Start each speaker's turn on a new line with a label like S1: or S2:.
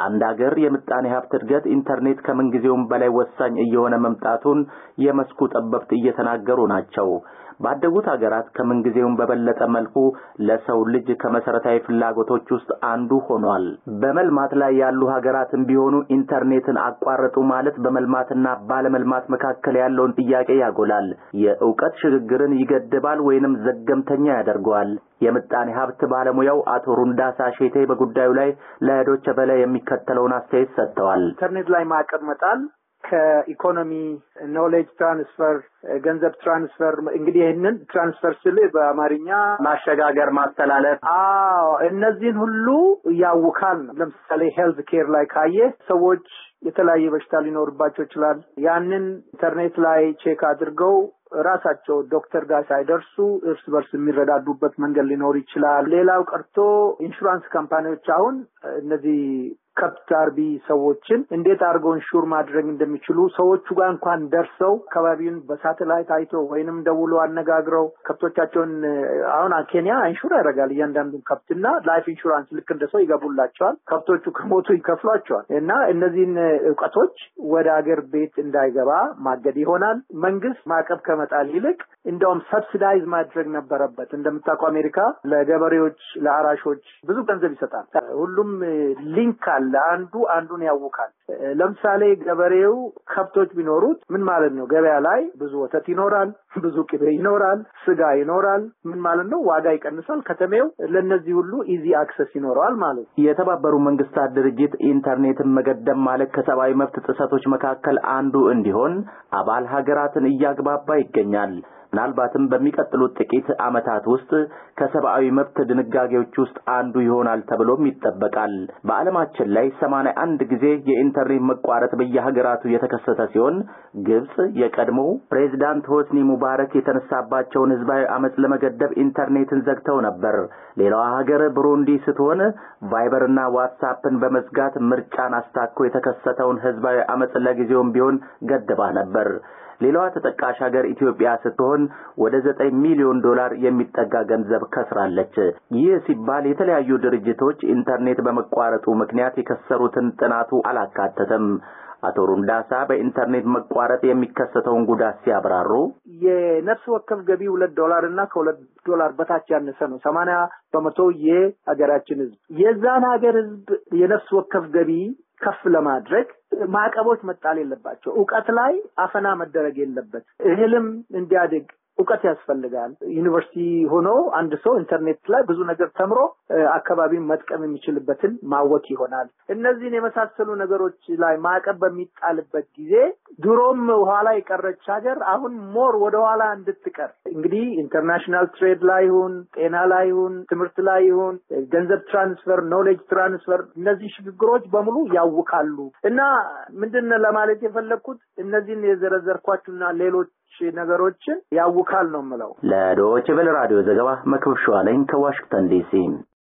S1: ለአንድ ሀገር የምጣኔ ሀብት እድገት ኢንተርኔት ከምንጊዜውም በላይ ወሳኝ እየሆነ መምጣቱን የመስኩ ጠበብት እየተናገሩ ናቸው። ባደጉት ሀገራት ከምንጊዜውም በበለጠ መልኩ ለሰው ልጅ ከመሰረታዊ ፍላጎቶች ውስጥ አንዱ ሆኗል። በመልማት ላይ ያሉ ሀገራትም ቢሆኑ ኢንተርኔትን አቋረጡ ማለት በመልማትና ባለመልማት መካከል ያለውን ጥያቄ ያጎላል፣ የእውቀት ሽግግርን ይገድባል ወይንም ዘገምተኛ ያደርገዋል። የምጣኔ ሀብት ባለሙያው አቶ ሩንዳሳ ሼቴ በጉዳዩ ላይ ለዶቸ በላይ የሚከተለውን አስተያየት ሰጥተዋል።
S2: ኢንተርኔት ላይ ማዕቀብ መጣል ከኢኮኖሚ ኖሌጅ ትራንስፈር፣ eh, ገንዘብ ትራንስፈር እንግዲህ ይህንን ትራንስፈር ስል በአማርኛ
S1: ማሸጋገር፣ ማስተላለፍ።
S2: አዎ እነዚህን ሁሉ ያውካል። ለምሳሌ ሄልት ኬር ላይ ካየ ሰዎች የተለያየ በሽታ ሊኖርባቸው ይችላል። ያንን ኢንተርኔት ላይ ቼክ አድርገው ራሳቸው ዶክተር ጋር ሳይደርሱ እርስ በርስ የሚረዳዱበት መንገድ ሊኖር ይችላል። ሌላው ቀርቶ ኢንሹራንስ ካምፓኒዎች አሁን እነዚህ ከብት አርቢ ሰዎችን እንዴት አድርገው ኢንሹር ማድረግ እንደሚችሉ ሰዎቹ ጋር እንኳን ደርሰው አካባቢውን በሳተላይት አይቶ ወይንም ደውሎ አነጋግረው ከብቶቻቸውን አሁን ኬንያ ኢንሹር ያደርጋል እያንዳንዱን ከብትና ላይፍ ኢንሹራንስ ልክ እንደ ሰው ይገቡላቸዋል። ከብቶቹ ከሞቱ ይከፍሏቸዋል። እና እነዚህን እውቀቶች ወደ አገር ቤት እንዳይገባ ማገድ ይሆናል። መንግስት ማዕቀብ ከመጣል ይልቅ እንደውም ሰብሲዳይዝ ማድረግ ነበረበት። እንደምታውቀው አሜሪካ ለገበሬዎች ለአራሾች ብዙ ገንዘብ ይሰጣል። ሁሉም ሊንክ አለ። አንዱ አንዱን ያውካል። ለምሳሌ ገበሬው ከብቶች ቢኖሩት ምን ማለት ነው? ገበያ ላይ ብዙ ወተት ይኖራል፣ ብዙ ቅቤ ይኖራል፣ ስጋ ይኖራል። ምን ማለት ነው? ዋጋ ይቀንሳል። ከተሜው ለእነዚህ ሁሉ ኢዚ አክሰስ ይኖረዋል ማለት
S1: ነው። የተባበሩ መንግስታት ድርጅት ኢንተርኔትን መገደብ ማለት ከሰብአዊ መብት ጥሰቶች መካከል አንዱ እንዲሆን አባል ሀገራትን እያግባባ ይገኛል። ምናልባትም በሚቀጥሉት ጥቂት ዓመታት ውስጥ ከሰብአዊ መብት ድንጋጌዎች ውስጥ አንዱ ይሆናል ተብሎም ይጠበቃል። በዓለማችን ላይ ሰማንያ አንድ ጊዜ የኢንተርኔት መቋረጥ በየሀገራቱ የተከሰተ ሲሆን ግብፅ የቀድሞ ፕሬዚዳንት ሆስኒ ሙባረክ የተነሳባቸውን ህዝባዊ አመፅ ለመገደብ ኢንተርኔትን ዘግተው ነበር። ሌላዋ ሀገር ብሩንዲ ስትሆን ቫይበርና ዋትሳፕን በመዝጋት ምርጫን አስታኮ የተከሰተውን ህዝባዊ አመፅ ለጊዜውም ቢሆን ገድባ ነበር። ሌላዋ ተጠቃሽ ሀገር ኢትዮጵያ ስትሆን ወደ ዘጠኝ ሚሊዮን ዶላር የሚጠጋ ገንዘብ ከስራለች። ይህ ሲባል የተለያዩ ድርጅቶች ኢንተርኔት በመቋረጡ ምክንያት የከሰሩትን ጥናቱ አላካተተም። አቶ ሩንዳሳ በኢንተርኔት መቋረጥ የሚከሰተውን ጉዳት ሲያብራሩ
S2: የነፍስ ወከፍ ገቢ ሁለት ዶላር እና ከሁለት ዶላር በታች ያነሰ ነው። ሰማንያ በመቶ የሀገራችን ህዝብ የዛን ሀገር ህዝብ የነፍስ ወከፍ ገቢ ከፍ ለማድረግ ማዕቀቦች መጣል የለባቸው። እውቀት ላይ አፈና መደረግ የለበት። እህልም እንዲያድግ እውቀት ያስፈልጋል። ዩኒቨርሲቲ ሆኖ አንድ ሰው ኢንተርኔት ላይ ብዙ ነገር ተምሮ አካባቢን መጥቀም የሚችልበትን ማወቅ ይሆናል። እነዚህን የመሳሰሉ ነገሮች ላይ ማዕቀብ በሚጣልበት ጊዜ ድሮም ኋላ የቀረች ሀገር አሁን ሞር ወደኋላ እንድትቀር እንግዲህ ኢንተርናሽናል ትሬድ ላይ ይሁን፣ ጤና ላይ ይሁን፣ ትምህርት ላይ ይሁን፣ ገንዘብ ትራንስፈር፣ ኖሌጅ ትራንስፈር እነዚህ ሽግግሮች በሙሉ ያውካሉ እና ምንድን ለማለት የፈለግኩት እነዚህን የዘረዘርኳችሁና ሌሎች ነገሮችን ያውካል አካል ነው ምለው።
S1: ለዶች ቬለ ራዲዮ ዘገባ መክብብ ሸዋለኝ ከዋሽንግተን ዲሲ